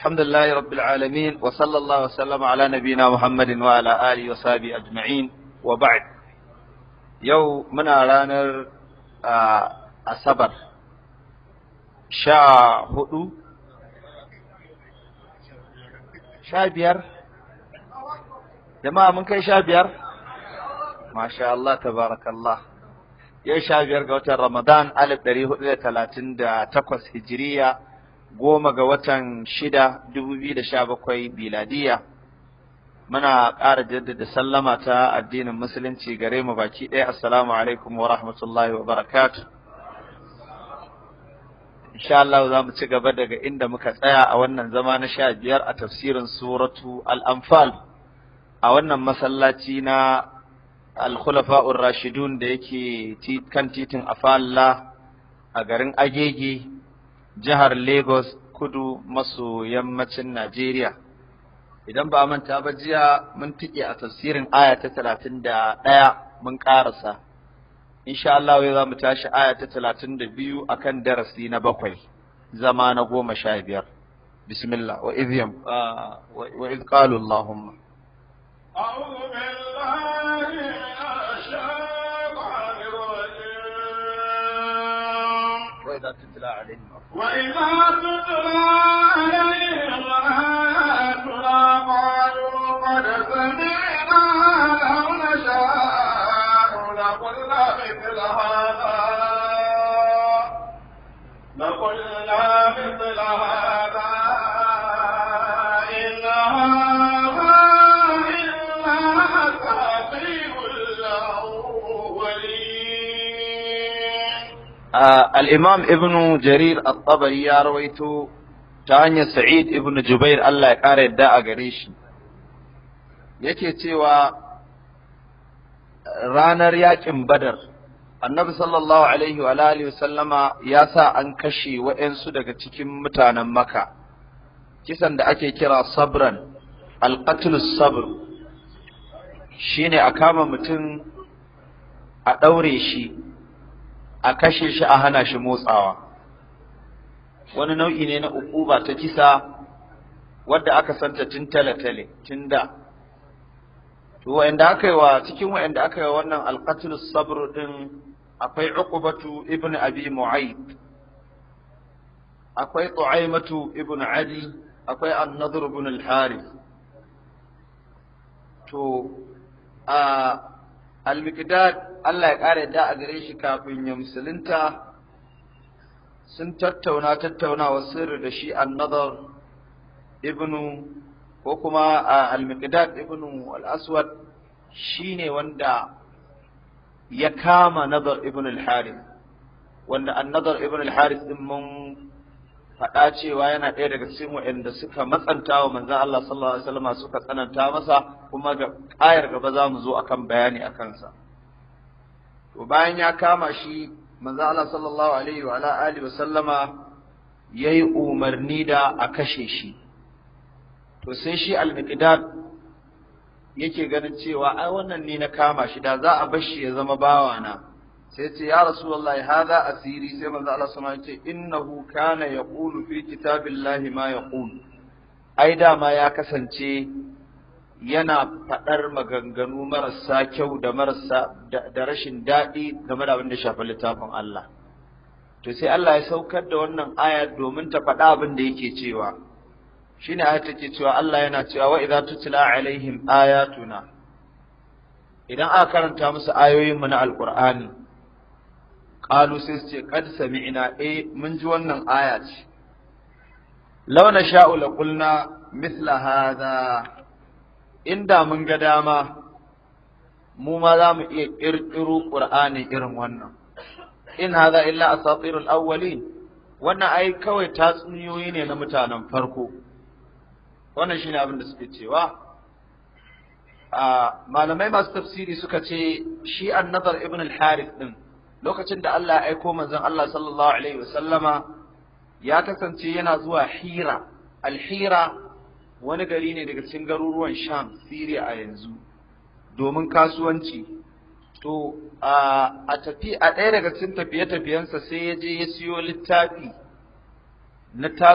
الحمد لله رب العالمين وصلى الله وسلم على نبينا محمد وعلى آله وصحبه أجمعين وبعد يو من رانر أصبر شا هدو شا بيار جماعة من كي شا بيار ما شاء الله تبارك الله يا شا بيار قوة رمضان ألف دريه ثلاثين دا 38 هجرية goma ga watan shida dubu biyu da sha bakwai biladiya muna ƙara jaddada sallama ta addinin musulunci gare mu baki ɗaya assalamu alaikum wa rahmatullahi wa barakatu insha Allah za mu ci gaba daga inda muka tsaya a wannan zama na sha biyar a tafsirin suratu al-anfal a wannan masallaci na al-khulafa'ur rashidun da yake kan titin afalla a garin agege jihar Lagos kudu maso yammacin Najeriya. Idan ba manta ba jiya mun tike a tafsirin aya ta talatin da ɗaya mun ƙarasa. Insha Allah wai za mu tashi aya ta talatin da biyu a kan darasi na bakwai, zama na goma sha biyar. Bismillah wa Allahumma. إذا تتلى عليهم وإذا تتلى عليهم آياتنا قالوا قد سمعنا لو نشاء لقلنا مثل هذا لقلنا مثل هذا al-imam ibn jarir at-tabari ya rawaito ta hanyar sa'id ibn jubair Allah ya ƙara yadda a gare shi yake cewa ranar yaƙin badar annabi sallallahu alaihi wa alihi wa sallama ya sa an kashe wa'yansu daga cikin mutanen maka kisan da ake kira sabran alqatlus sabr shine a kama mutum a ɗaure shi a kashe shi a hana shi motsawa wani nau'i ne na ukuba ta kisa wadda aka santa tun tale-tale tun da to wa'anda aka yi wa cikin wa'anda aka yi wannan alqatl sabr din akwai uqbatu ibn abi mu'ayd akwai tu'aymatu ibn adi akwai an-nadr ibn al-harith to a al Allah ya ƙara yadda a gare shi kafin ya musulunta sun tattauna tattaunawa sirri da shi annadar ibnu ko kuma al-miqdad ibnu al-aswad shine wanda ya kama nadar ibn al-harith wanda annadar ibn al-harith din mun faɗa cewa yana ɗaya daga cikin waɗanda suka matsanta wa manzon Allah sallallahu alaihi wasallam suka tsananta masa kuma ga ayar gaba za mu zo akan bayani akan sa to bayan ya kama shi manzon Allah sallallahu alaihi wa alihi wasallama yayi umarni da a kashe shi to sai shi al-miqdad yake ganin cewa ai wannan ne na kama shi da za a bar shi ya zama bawana sai ce ya rasulullahi hada asiri sai manzo Allah sama yace innahu kana yaqulu fi kitabillahi ma yaqul ai da ma ya kasance yana faɗar maganganu marasa kyau da marasa da rashin daɗi game da abin da shafi littafin Allah to sai Allah ya saukar da wannan aya domin ta faɗa abin da yake cewa shine aya take cewa Allah yana cewa wa idza tutla alaihim ayatuna idan aka karanta musu ayoyin mu na alqur'ani qalu sai su ce qad sami'na eh mun ji wannan aya ce law nasha'u la qulna mithla hadha inda mun ga dama mu ma za mu iya ƙirƙiro ƙur'ani irin wannan in hadha illa asatirul awwalin wannan ai kawai tatsuniyoyi ne na mutanen farko wannan shine abin da suke cewa ah, malamai masu tafsiri suka ce shi nazar ibn Haris harith din lokacin da Allah ya aiko manzon Allah sallallahu alaihi wasallama ya kasance yana zuwa Hira al-Hira wani gari ne daga cikin garuruwan Sham Syria a yanzu domin kasuwanci to a tafi a ɗaya daga cikin tafiye-tafiyensa sai ya je ya siyo littafi na